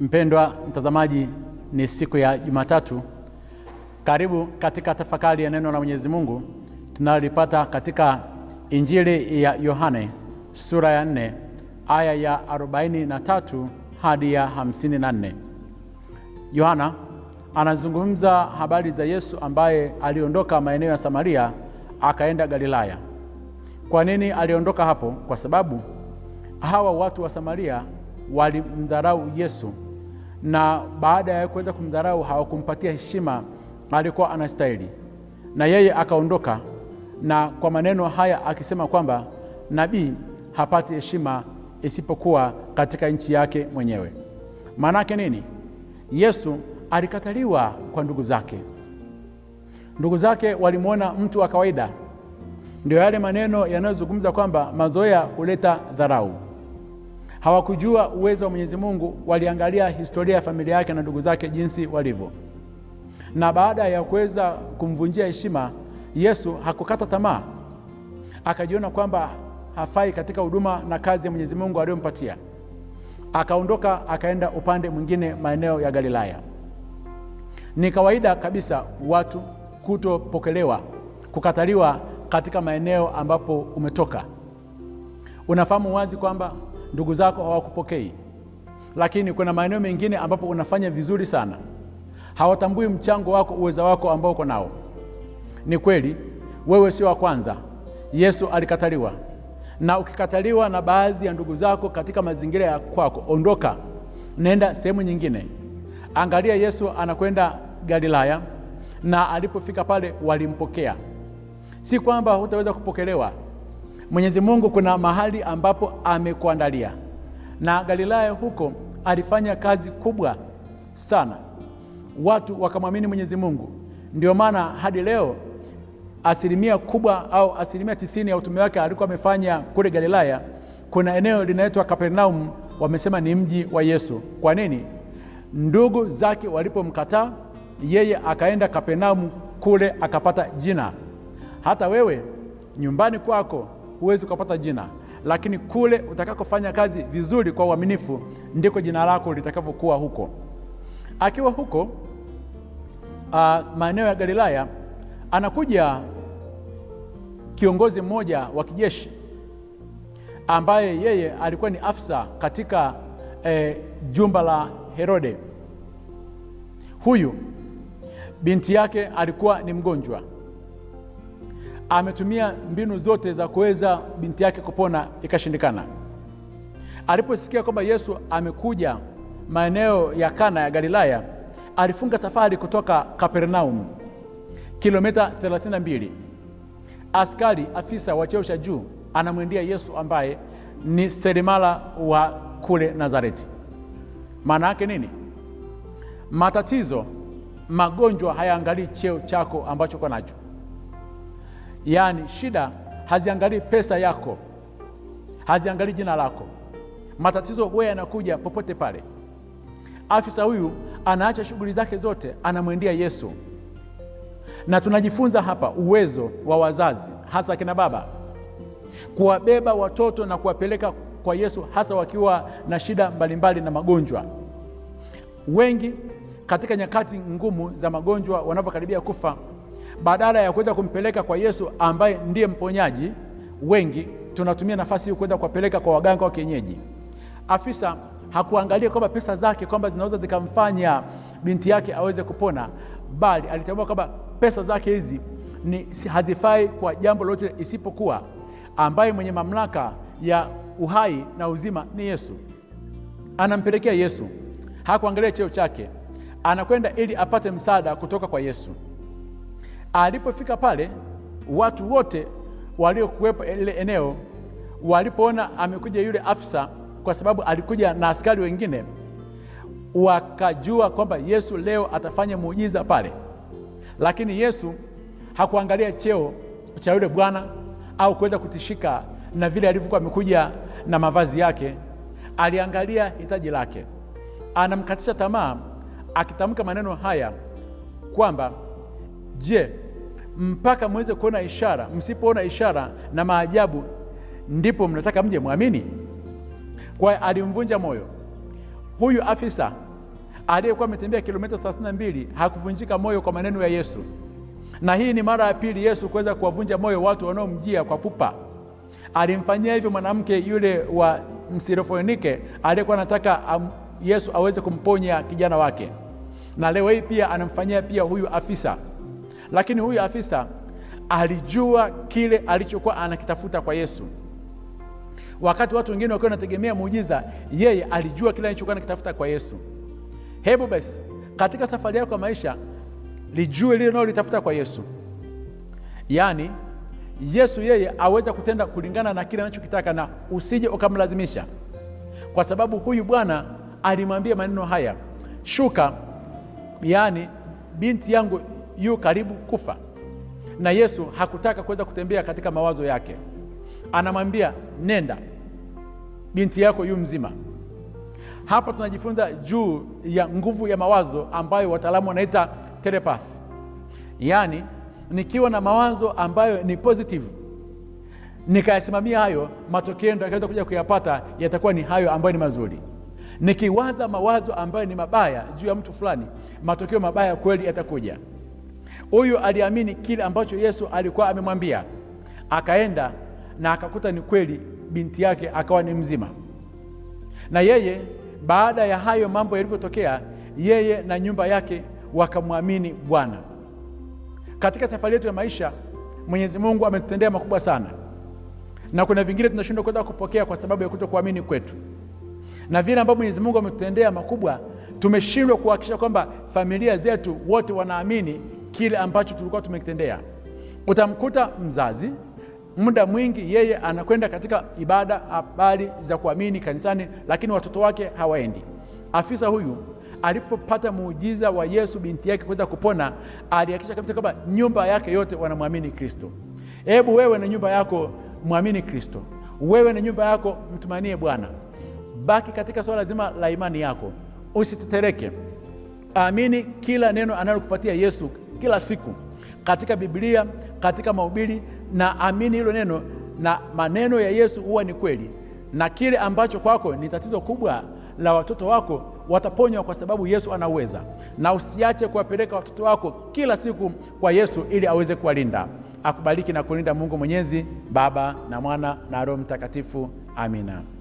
Mpendwa mtazamaji, ni siku ya Jumatatu. Karibu katika tafakari ya neno la Mwenyezi Mungu tunalipata katika Injili ya Yohane sura ya nne aya ya arobaini na tatu hadi ya hamsini na nne. Yohana anazungumza habari za Yesu ambaye aliondoka maeneo ya Samaria akaenda Galilaya. Kwa nini aliondoka hapo? Kwa sababu hawa watu wa Samaria walimdharau Yesu na baada ya kuweza kumdharau hawakumpatia heshima alikuwa anastahili, na yeye akaondoka na kwa maneno haya akisema kwamba nabii hapati heshima isipokuwa katika nchi yake mwenyewe. yake nini? Yesu alikataliwa kwa ndugu zake. Ndugu zake walimwona mtu wa kawaida. Ndio yale maneno yanayozungumza kwamba mazoea huleta dharau. Hawakujua uwezo wa Mwenyezi Mungu, waliangalia historia ya familia yake na ndugu zake jinsi walivyo. Na baada ya kuweza kumvunjia heshima, Yesu hakukata tamaa, akajiona kwamba hafai katika huduma na kazi ya Mwenyezi Mungu aliyompatia. Akaondoka akaenda upande mwingine, maeneo ya Galilaya. Ni kawaida kabisa watu kutopokelewa, kukataliwa katika maeneo ambapo umetoka. Unafahamu wazi kwamba ndugu zako hawakupokei, lakini kuna maeneo mengine ambapo unafanya vizuri sana, hawatambui mchango wako, uweza wako ambao uko nao. Ni kweli wewe sio wa kwanza. Yesu alikataliwa, na ukikataliwa na baadhi ya ndugu zako katika mazingira ya kwako, ondoka, nenda sehemu nyingine. Angalia, Yesu anakwenda Galilaya, na alipofika pale walimpokea. Si kwamba hutaweza kupokelewa Mwenyezi Mungu kuna mahali ambapo amekuandalia, na Galilaya huko alifanya kazi kubwa sana, watu wakamwamini Mwenyezi Mungu. Ndio maana hadi leo asilimia kubwa au asilimia tisini ya utume wake alikuwa amefanya kule Galilaya. Kuna eneo linaitwa Kapernaum, wamesema ni mji wa Yesu. Kwa nini? Ndugu zake walipomkataa yeye akaenda Kapernaum kule akapata jina. Hata wewe nyumbani kwako huwezi ukapata jina, lakini kule utakakofanya kazi vizuri kwa uaminifu ndiko jina lako litakavyokuwa huko. Akiwa huko uh, maeneo ya Galilaya, anakuja kiongozi mmoja wa kijeshi ambaye yeye alikuwa ni afisa katika eh, jumba la Herode. Huyu binti yake alikuwa ni mgonjwa ametumia mbinu zote za kuweza binti yake kupona, ikashindikana. Aliposikia kwamba Yesu amekuja maeneo ya Kana ya Galilaya, alifunga safari kutoka Kapernaum kilomita 32. Askari afisa wa cheo cha juu anamwendea Yesu ambaye ni seremala wa kule Nazareti. Maana yake nini? Matatizo, magonjwa hayaangalii cheo chako ambacho uko nacho. Yaani shida haziangalii pesa yako, haziangalii jina lako. Matatizo huwa yanakuja popote pale. Afisa huyu anaacha shughuli zake zote, anamwendea Yesu. Na tunajifunza hapa uwezo wa wazazi, hasa kina baba, kuwabeba watoto na kuwapeleka kwa Yesu, hasa wakiwa na shida mbalimbali na magonjwa. Wengi katika nyakati ngumu za magonjwa, wanavyokaribia kufa badala ya kuweza kumpeleka kwa Yesu ambaye ndiye mponyaji, wengi tunatumia nafasi hii kuweza kuwapeleka kwa waganga wa kienyeji. Afisa hakuangalia kwamba pesa zake kwamba zinaweza zikamfanya binti yake aweze kupona, bali alitambua kwamba pesa zake hizi ni hazifai kwa jambo lolote, isipokuwa ambaye mwenye mamlaka ya uhai na uzima ni Yesu. Anampelekea Yesu, hakuangalia cheo chake, anakwenda ili apate msaada kutoka kwa Yesu. Alipofika pale, watu wote waliokuwepo ile eneo walipoona amekuja yule afisa, kwa sababu alikuja na askari wengine, wakajua kwamba Yesu leo atafanya muujiza pale. Lakini Yesu hakuangalia cheo cha yule bwana au kuweza kutishika na vile alivyokuwa amekuja na mavazi yake. Aliangalia hitaji lake. Anamkatisha tamaa akitamka maneno haya kwamba Je, mpaka mweze kuona ishara? Msipoona ishara na maajabu, ndipo mnataka mje mwamini? Kwa alimvunja moyo huyu afisa aliyekuwa ametembea kilomita 32, hakuvunjika moyo kwa maneno ya Yesu. Na hii ni mara ya pili Yesu kuweza kuwavunja moyo watu wanaomjia kwa pupa. Alimfanyia hivyo mwanamke yule wa Msirofonike aliyekuwa anataka Yesu aweze kumponya kijana wake, na leo hii pia anamfanyia pia huyu afisa. Lakini huyu afisa alijua kile alichokuwa anakitafuta kwa Yesu. Wakati watu wengine wakiwa wanategemea muujiza, yeye alijua kile alichokuwa anakitafuta kwa Yesu. Hebu basi katika safari yako ya maisha lijue lile unalolitafuta kwa Yesu, yaani Yesu yeye aweza kutenda kulingana na kile anachokitaka, na usije ukamlazimisha, kwa sababu huyu bwana alimwambia maneno haya, shuka, yaani binti yangu yu karibu kufa, na Yesu hakutaka kuweza kutembea katika mawazo yake. Anamwambia, nenda, binti yako yu mzima. Hapa tunajifunza juu ya nguvu ya mawazo ambayo wataalamu wanaita telepath, yaani nikiwa na mawazo ambayo ni positive nikayasimamia hayo, matokeo ndio yakaweza kuja kuyapata yatakuwa ni hayo ambayo ni mazuri. Nikiwaza mawazo ambayo ni mabaya juu ya mtu fulani, matokeo mabaya kweli yatakuja. Huyu aliamini kile ambacho Yesu alikuwa amemwambia, akaenda na akakuta ni kweli, binti yake akawa ni mzima. Na yeye baada ya hayo mambo yalivyotokea, yeye na nyumba yake wakamwamini Bwana. Katika safari yetu ya maisha, Mwenyezi Mungu ametutendea makubwa sana, na kuna vingine tunashindwa kuweza kupokea kwa sababu ya kutokuamini kwetu, na vile ambavyo Mwenyezi Mungu ametutendea makubwa tumeshindwa kuhakikisha kwamba familia zetu wote wanaamini kile ambacho tulikuwa tumekitendea. Utamkuta mzazi muda mwingi yeye anakwenda katika ibada, habari za kuamini kanisani, lakini watoto wake hawaendi. Afisa huyu alipopata muujiza wa Yesu binti yake kuweza kupona, alihakikisha kabisa kwamba nyumba yake yote wanamwamini Kristo. Hebu wewe na nyumba yako mwamini Kristo, wewe na nyumba yako mtumanie Bwana, baki katika swala zima la imani yako, usitetereke, amini kila neno analokupatia Yesu kila siku katika Biblia, katika mahubiri. Na amini hilo neno, na maneno ya Yesu huwa ni kweli, na kile ambacho kwako ni tatizo kubwa la watoto wako wataponywa kwa sababu Yesu anaweza. Na usiache kuwapeleka watoto wako kila siku kwa Yesu ili aweze kuwalinda. Akubariki na kulinda Mungu Mwenyezi, Baba na Mwana na Roho Mtakatifu. Amina.